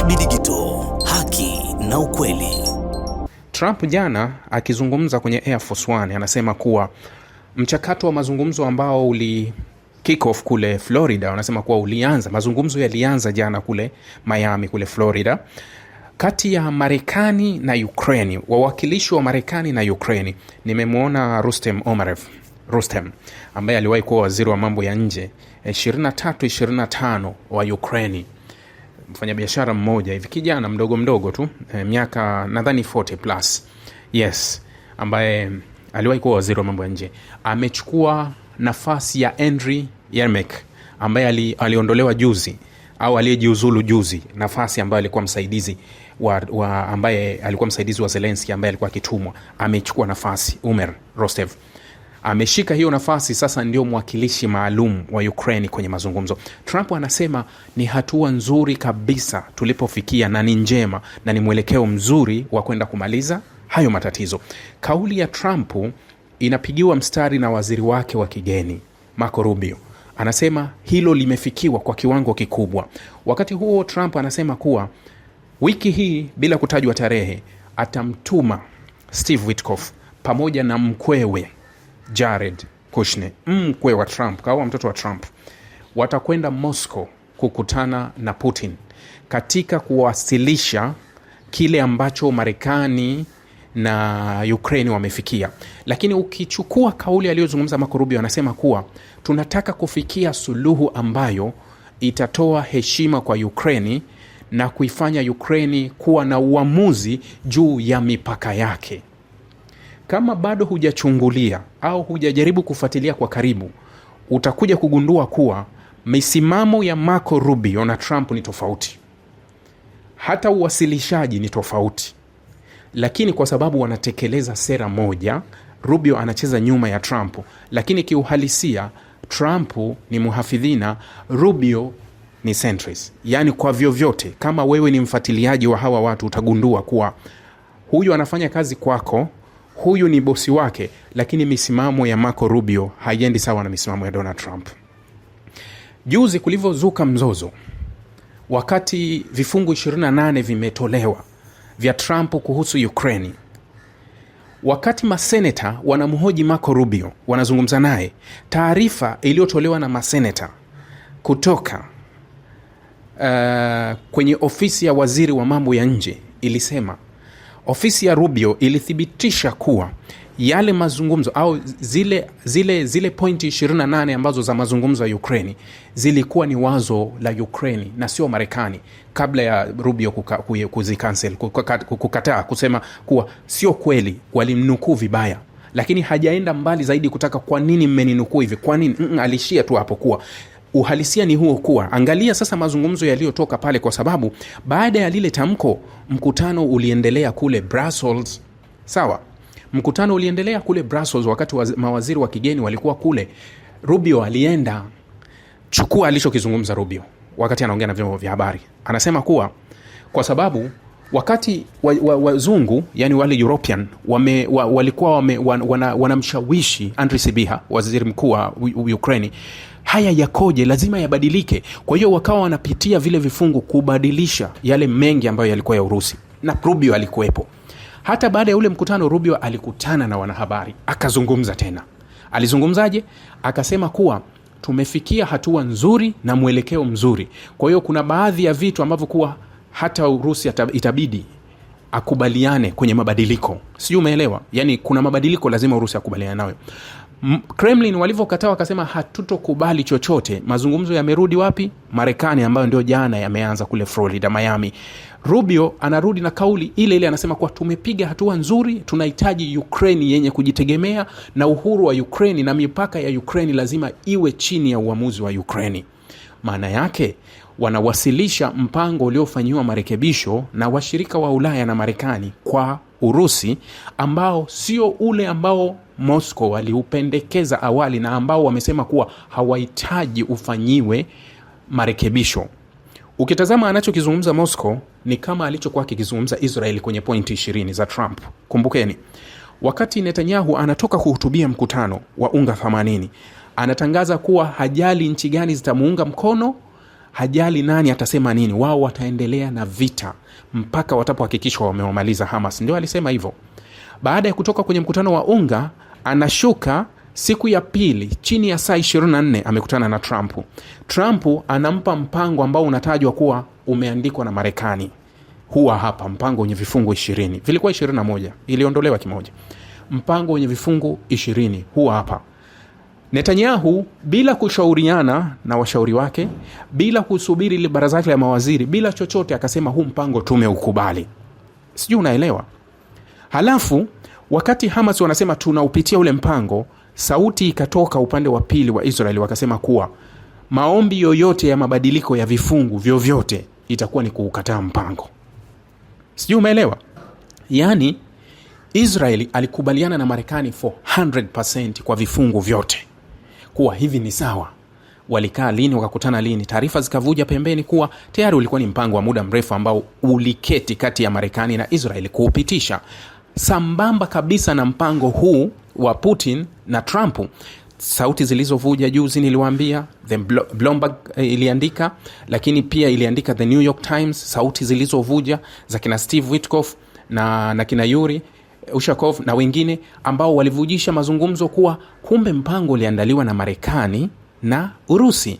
DSB Digital, haki na ukweli. Trump jana akizungumza kwenye Air Force One anasema kuwa mchakato wa mazungumzo ambao uli kick off kule Florida, wanasema kuwa ulianza, mazungumzo yalianza jana kule Miami kule Florida, kati ya Marekani na Ukraine, wawakilishi wa Marekani na Ukraine. Nimemwona Rustem Omarev Rustem ambaye aliwahi kuwa waziri wa mambo ya nje 23 eh, 25 wa Ukraine mfanyabiashara mmoja hivi kijana mdogo mdogo tu e, miaka nadhani 40 plus yes ambaye aliwahi kuwa waziri wa mambo ya nje amechukua nafasi ya henry yermek ambaye ali, aliondolewa juzi au aliyejiuzulu juzi nafasi ambayo alikuwa msaidizi wa, wa ambaye alikuwa msaidizi wa zelenski ambaye alikuwa akitumwa amechukua nafasi umer rostev ameshika hiyo nafasi sasa, ndio mwakilishi maalum wa Ukraine kwenye mazungumzo. Trump anasema ni hatua nzuri kabisa tulipofikia, na ni njema na ni mwelekeo mzuri wa kwenda kumaliza hayo matatizo. Kauli ya Trump inapigiwa mstari na waziri wake wa kigeni Marco Rubio, anasema hilo limefikiwa kwa kiwango kikubwa. Wakati huo Trump anasema kuwa wiki hii, bila kutajwa tarehe, atamtuma Steve pamoja na mkwewe Jared kushne mkwe wa Trump, kawa mtoto wa Trump, watakwenda Moscow kukutana na Putin katika kuwasilisha kile ambacho Marekani na ukraini wamefikia. Lakini ukichukua kauli aliyozungumza Marco Rubio, anasema kuwa tunataka kufikia suluhu ambayo itatoa heshima kwa Ukraini na kuifanya Ukraini kuwa na uamuzi juu ya mipaka yake. Kama bado hujachungulia au hujajaribu kufuatilia kwa karibu, utakuja kugundua kuwa misimamo ya Marco Rubio na Trump ni tofauti, hata uwasilishaji ni tofauti, lakini kwa sababu wanatekeleza sera moja, Rubio anacheza nyuma ya Trump, lakini kiuhalisia Trump ni muhafidhina, Rubio ni centris Yaani, kwa vyovyote, kama wewe ni mfuatiliaji wa hawa watu utagundua kuwa huyu anafanya kazi kwako huyu ni bosi wake, lakini misimamo ya Marco Rubio haiendi sawa na misimamo ya Donald Trump. Juzi kulivyozuka mzozo, wakati vifungu 28 vimetolewa vya Trump kuhusu ukraini wakati maseneta wanamhoji Marco Rubio, wanazungumza naye, taarifa iliyotolewa na maseneta kutoka uh, kwenye ofisi ya waziri wa mambo ya nje ilisema ofisi ya Rubio ilithibitisha kuwa yale mazungumzo au zile zile zile pointi 28 ambazo za mazungumzo ya Ukraini zilikuwa ni wazo la Ukraini na sio Marekani, kabla ya Rubio kuzikansel kukataa kusema kuwa sio kweli, walimnukuu vibaya lakini hajaenda mbali zaidi kutaka kwa nini mmeninukuu hivi, kwa nini. Mm, mm alishia tu hapo kuwa uhalisia ni huo kuwa, angalia sasa mazungumzo yaliyotoka pale, kwa sababu baada ya lile tamko, mkutano uliendelea kule Brussels. Sawa, mkutano uliendelea kule Brussels, wakati wa mawaziri wa kigeni walikuwa kule. Rubio alienda, chukua alichokizungumza Rubio wakati anaongea na vyombo vya habari, anasema kuwa kwa sababu wakati wazungu wa, wa yani wale European wame, wa, walikuwa wame, wan, wana, wanamshawishi andri Sibiha, waziri mkuu wa Ukraini haya yakoje, lazima yabadilike. Kwa hiyo wakawa wanapitia vile vifungu kubadilisha yale mengi ambayo yalikuwa ya Urusi, na Rubio alikuwepo. Hata baada ya ule mkutano, Rubio alikutana na wanahabari akazungumza tena. Alizungumzaje? Akasema kuwa tumefikia hatua nzuri na mwelekeo mzuri. Kwa hiyo kuna baadhi ya vitu ambavyo kuwa hata Urusi itabidi akubaliane kwenye mabadiliko, sijui umeelewa? Yani kuna mabadiliko lazima Urusi akubaliane nayo. Kremlin walivyokataa wakasema hatutokubali chochote. Mazungumzo yamerudi wapi? Marekani, ambayo ndio jana yameanza kule Florida, Miami. Rubio anarudi na kauli ile ile, anasema kuwa tumepiga hatua nzuri, tunahitaji Ukraini yenye kujitegemea na uhuru wa Ukraini na mipaka ya Ukraini lazima iwe chini ya uamuzi wa Ukraini. Maana yake wanawasilisha mpango uliofanyiwa marekebisho na washirika wa Ulaya na Marekani kwa Urusi ambao sio ule ambao Moscow waliupendekeza awali na ambao wamesema kuwa hawahitaji ufanyiwe marekebisho. Ukitazama anachokizungumza Moscow ni kama alichokuwa akikizungumza Israel kwenye pointi ishirini za Trump. Kumbukeni, wakati Netanyahu anatoka kuhutubia mkutano wa unga 80 anatangaza kuwa hajali nchi gani zitamuunga mkono, hajali nani atasema nini, wao wataendelea na vita mpaka watapohakikishwa wamewamaliza Hamas. Ndio alisema hivyo. Baada ya kutoka kwenye mkutano wa unga anashuka siku ya pili chini ya saa 24 amekutana na Trump. Trump anampa mpango ambao unatajwa kuwa umeandikwa na Marekani. Huwa hapa mpango wenye vifungu ishirini, vilikuwa moja iliondolewa kimoja. Mpango wenye vifungu ishirini huwa hapa. Netanyahu bila kushauriana na washauri wake, bila kusubiri ile baraza la mawaziri, bila chochote, akasema huu mpango tumeukubali. Sijui unaelewa. Halafu Wakati Hamas wanasema tunaupitia ule mpango, sauti ikatoka upande wa pili wa Israeli wakasema kuwa maombi yoyote ya mabadiliko ya vifungu vyovyote itakuwa ni kuukataa mpango. Sijui umeelewa? Yaani Israeli alikubaliana na Marekani 400 kwa vifungu vyote kuwa hivi ni sawa. Walikaa lini? Wakakutana lini? Taarifa zikavuja pembeni kuwa tayari ulikuwa ni mpango wa muda mrefu ambao uliketi kati ya Marekani na Israeli kuupitisha sambamba kabisa na mpango huu wa Putin na Trump. Sauti zilizovuja juzi, niliwaambia the Bloomberg eh, iliandika, lakini pia iliandika the New York Times. Sauti zilizovuja za kina Steve witkof na, na kina Yuri eh, Ushakov na wengine ambao walivujisha mazungumzo kuwa kumbe mpango uliandaliwa na Marekani na Urusi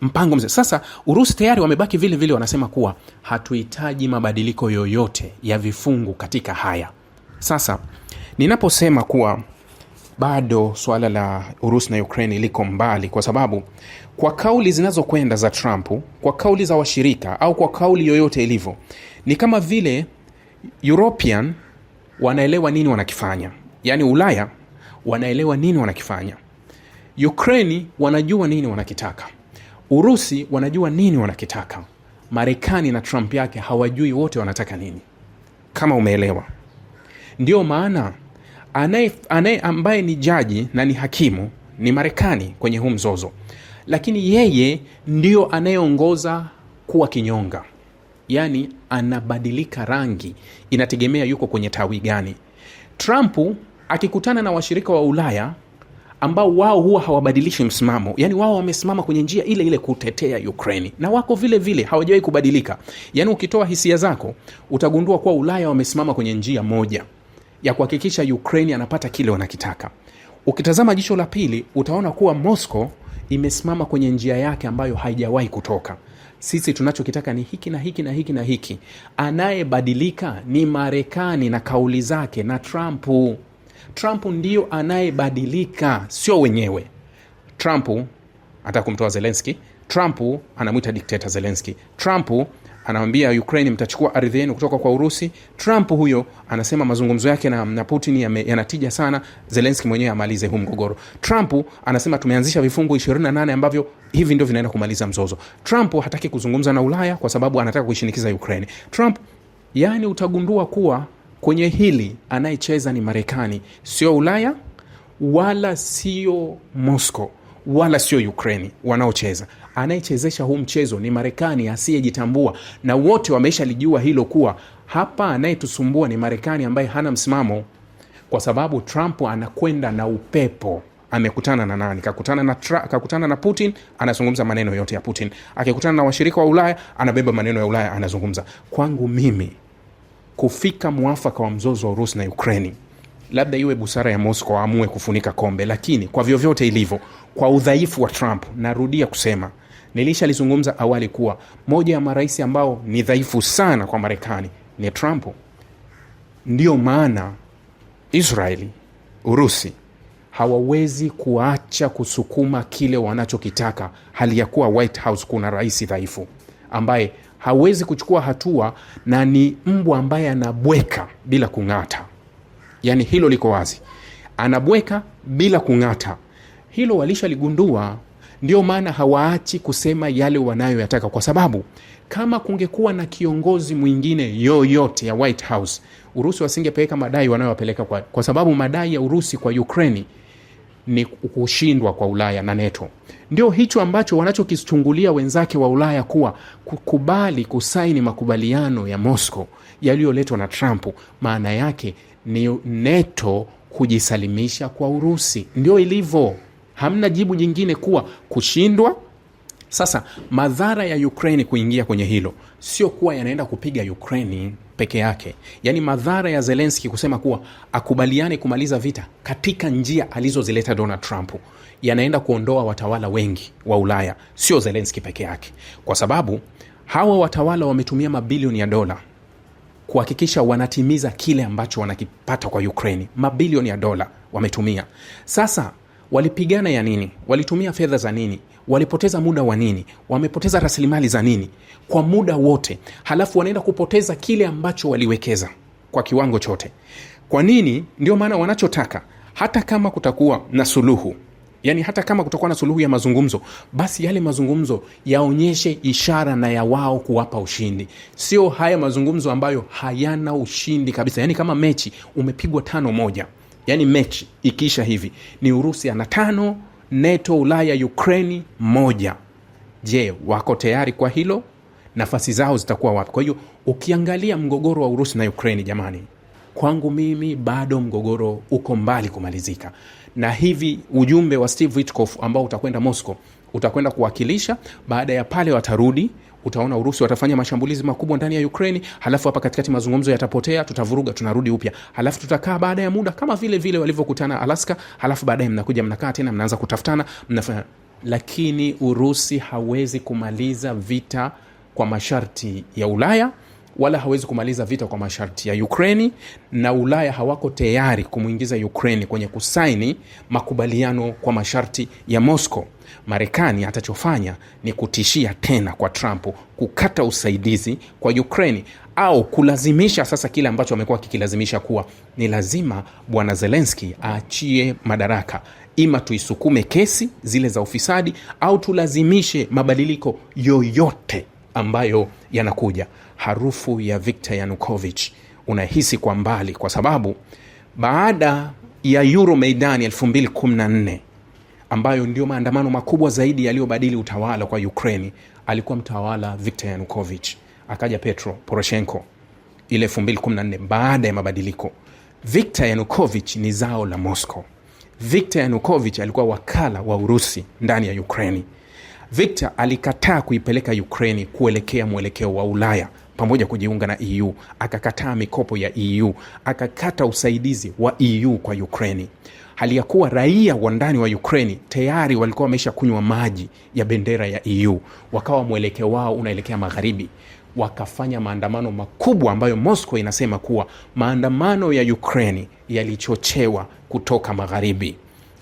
mpango mze. Sasa Urusi tayari wamebaki vile vile, wanasema kuwa hatuhitaji mabadiliko yoyote ya vifungu katika haya. Sasa ninaposema kuwa bado suala la Urusi na Ukraine liko mbali, kwa sababu kwa kauli zinazokwenda za Trump, kwa kauli za washirika au kwa kauli yoyote ilivyo, ni kama vile European wanaelewa nini wanakifanya, yaani Ulaya wanaelewa nini wanakifanya, Ukraini wanajua nini wanakitaka, Urusi wanajua nini wanakitaka, Marekani na Trump yake hawajui wote wanataka nini, kama umeelewa ndio maana anaye, anaye ambaye ni jaji na ni hakimu ni Marekani kwenye huu mzozo, lakini yeye ndio anayeongoza kuwa kinyonga, yaani anabadilika rangi, inategemea yuko kwenye tawi gani. Trump akikutana na washirika wa Ulaya ambao wao huwa hawabadilishi msimamo, yaani wao wamesimama kwenye njia ile ile kutetea Ukraini na wako vile vile, hawajawahi kubadilika. Yaani ukitoa hisia zako utagundua kuwa Ulaya wamesimama kwenye njia moja ya kuhakikisha Ukraine anapata kile wanakitaka. Ukitazama jicho la pili, utaona kuwa Moscow imesimama kwenye njia yake ambayo haijawahi kutoka. Sisi tunachokitaka ni hiki na hiki na hiki na hiki. Anayebadilika ni Marekani na kauli zake na Trump. Trump ndio anayebadilika, sio wenyewe. Trump anataka kumtoa Zelenski. Trump anamwita dikteta Zelenski. Trump anawambia Ukraine mtachukua ardhi yenu kutoka kwa Urusi. Trump huyo anasema mazungumzo yake na, na Putin yanatija ya sana, Zelenski mwenyewe amalize huu mgogoro. Trump anasema tumeanzisha vifungu 28 ambavyo hivi ndio vinaenda kumaliza mzozo. Trump hataki kuzungumza na Ulaya kwa sababu anataka kuishinikiza Ukraine. Trump yani, utagundua kuwa kwenye hili anayecheza ni Marekani, sio Ulaya wala sio Moscow wala sio Ukraini wanaocheza anayechezesha huu mchezo ni Marekani asiyejitambua, na wote lijua hilo kuwa hapa anayetusumbua ni Marekani ambaye hana msimamo, kwa sababu Trump anakwenda na upepo. Amekutana na nani? Kakutana na, kakutana na Putin, anazungumza maneno yote ya Putin. Akikutana na washirika wa Ulaya anabeba maneno ya Ulaya anazungumza. Kwangu mimi kufika mwafaka wa mzozo wa Urusi na Ukraini, labda iwe busara ya Moscow amue kufunika kombe, lakini kwa vyovyote ilivyo, kwa udhaifu wa Trump, narudia kusema nilishalizungumza awali kuwa moja ya marais ambao ni dhaifu sana kwa Marekani ni Trump. Ndiyo maana Israeli, Urusi hawawezi kuacha kusukuma kile wanachokitaka, hali ya kuwa White House kuna rais dhaifu ambaye hawezi kuchukua hatua na ni mbwa ambaye anabweka bila kung'ata. yani hilo liko wazi, anabweka bila kung'ata. Hilo walishaligundua ndio maana hawaachi kusema yale wanayoyataka, kwa sababu kama kungekuwa na kiongozi mwingine yoyote ya White House, Urusi wasingepeleka madai wanayowapeleka kwa, kwa sababu madai ya Urusi kwa Ukraini ni kushindwa kwa Ulaya na NATO. Ndio hicho ambacho wanachokichungulia wenzake wa Ulaya kuwa kukubali kusaini makubaliano ya Moscow yaliyoletwa na Trump, maana yake ni NATO kujisalimisha kwa Urusi. Ndio ilivyo hamna jibu jingine kuwa kushindwa. Sasa madhara ya Ukraini kuingia kwenye hilo sio kuwa yanaenda kupiga Ukraini peke yake, yaani madhara ya Zelenski kusema kuwa akubaliane kumaliza vita katika njia alizozileta Donald Trump yanaenda kuondoa watawala wengi wa Ulaya, sio Zelenski peke yake, kwa sababu hawa watawala wametumia mabilioni ya dola kuhakikisha wanatimiza kile ambacho wanakipata kwa Ukraini. Mabilioni ya dola wametumia sasa Walipigana ya nini? Walitumia fedha za nini? Walipoteza muda wa nini? Wamepoteza rasilimali za nini? Kwa muda wote, halafu wanaenda kupoteza kile ambacho waliwekeza kwa kiwango chote. Kwa nini? Ndio maana wanachotaka, hata kama kutakuwa na suluhu yani hata kama kutakuwa na suluhu ya mazungumzo, basi yale mazungumzo yaonyeshe ishara na ya wao kuwapa ushindi, sio haya mazungumzo ambayo hayana ushindi kabisa. Yani kama mechi umepigwa tano moja yani mechi ikiisha hivi ni urusi ana tano neto ulaya ukraini moja je wako tayari kwa hilo nafasi zao zitakuwa wapi kwa hiyo ukiangalia mgogoro wa urusi na ukraini jamani kwangu mimi bado mgogoro uko mbali kumalizika na hivi ujumbe wa steve ambao utakwenda moscow utakwenda kuwakilisha baada ya pale watarudi utaona Urusi watafanya mashambulizi makubwa ndani ya Ukraini, halafu hapa katikati mazungumzo yatapotea, tutavuruga, tunarudi upya, halafu tutakaa baada ya muda kama vile vile walivyokutana Alaska, halafu baadaye mnakuja mnakaa tena mnaanza kutafutana mnafanya. Lakini Urusi hawezi kumaliza vita kwa masharti ya Ulaya wala hawezi kumaliza vita kwa masharti ya Ukraini, na Ulaya hawako tayari kumwingiza Ukraini kwenye kusaini makubaliano kwa masharti ya Moscow. Marekani atachofanya ni kutishia tena kwa Trump kukata usaidizi kwa Ukraini au kulazimisha sasa kile ambacho amekuwa kikilazimisha kuwa ni lazima bwana Zelenski aachie madaraka, ima tuisukume kesi zile za ufisadi au tulazimishe mabadiliko yoyote ambayo yanakuja. Harufu ya Viktor yanukovich unahisi kwa mbali, kwa sababu baada ya Euro Maidani 2014 ambayo ndio maandamano makubwa zaidi yaliyobadili utawala kwa Ukraini, alikuwa mtawala Viktor yanukovich akaja Petro Poroshenko ile 2014 baada ya mabadiliko. Viktor yanukovich ni zao la Moscow. Viktor yanukovich alikuwa wakala wa Urusi ndani ya Ukraini. Victor alikataa kuipeleka Ukraini kuelekea mwelekeo wa Ulaya pamoja kujiunga na EU, akakataa mikopo ya EU, akakata usaidizi wa EU kwa Ukraini, hali ya kuwa raia wa ndani wa Ukraini tayari walikuwa wameisha kunywa maji ya bendera ya EU, wakawa mwelekeo wao unaelekea magharibi. Wakafanya maandamano makubwa ambayo Moscow inasema kuwa maandamano ya Ukraini yalichochewa kutoka magharibi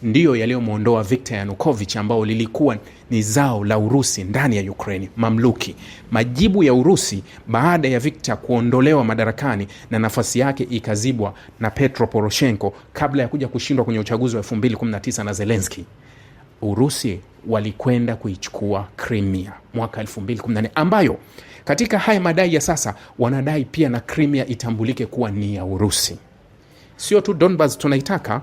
ndiyo yaliyomwondoa Viktor yanukovich ambao lilikuwa ni zao la Urusi ndani ya Ukraini, mamluki. Majibu ya Urusi baada ya Viktor kuondolewa madarakani na nafasi yake ikazibwa na Petro Poroshenko kabla ya kuja kushindwa kwenye uchaguzi wa 2019 na Zelenski, Urusi walikwenda kuichukua Crimea mwaka 2014 ambayo katika haya madai ya sasa wanadai pia na Crimea itambulike kuwa ni ya Urusi, sio tu Donbas tunaitaka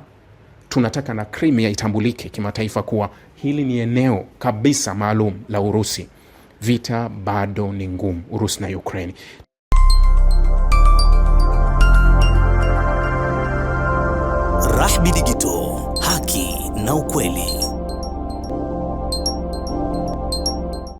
tunataka na Crimea itambulike kimataifa kuwa hili ni eneo kabisa maalum la Urusi. Vita bado ni ngumu Urusi na Ukraini. Rahby Digital, haki na ukweli.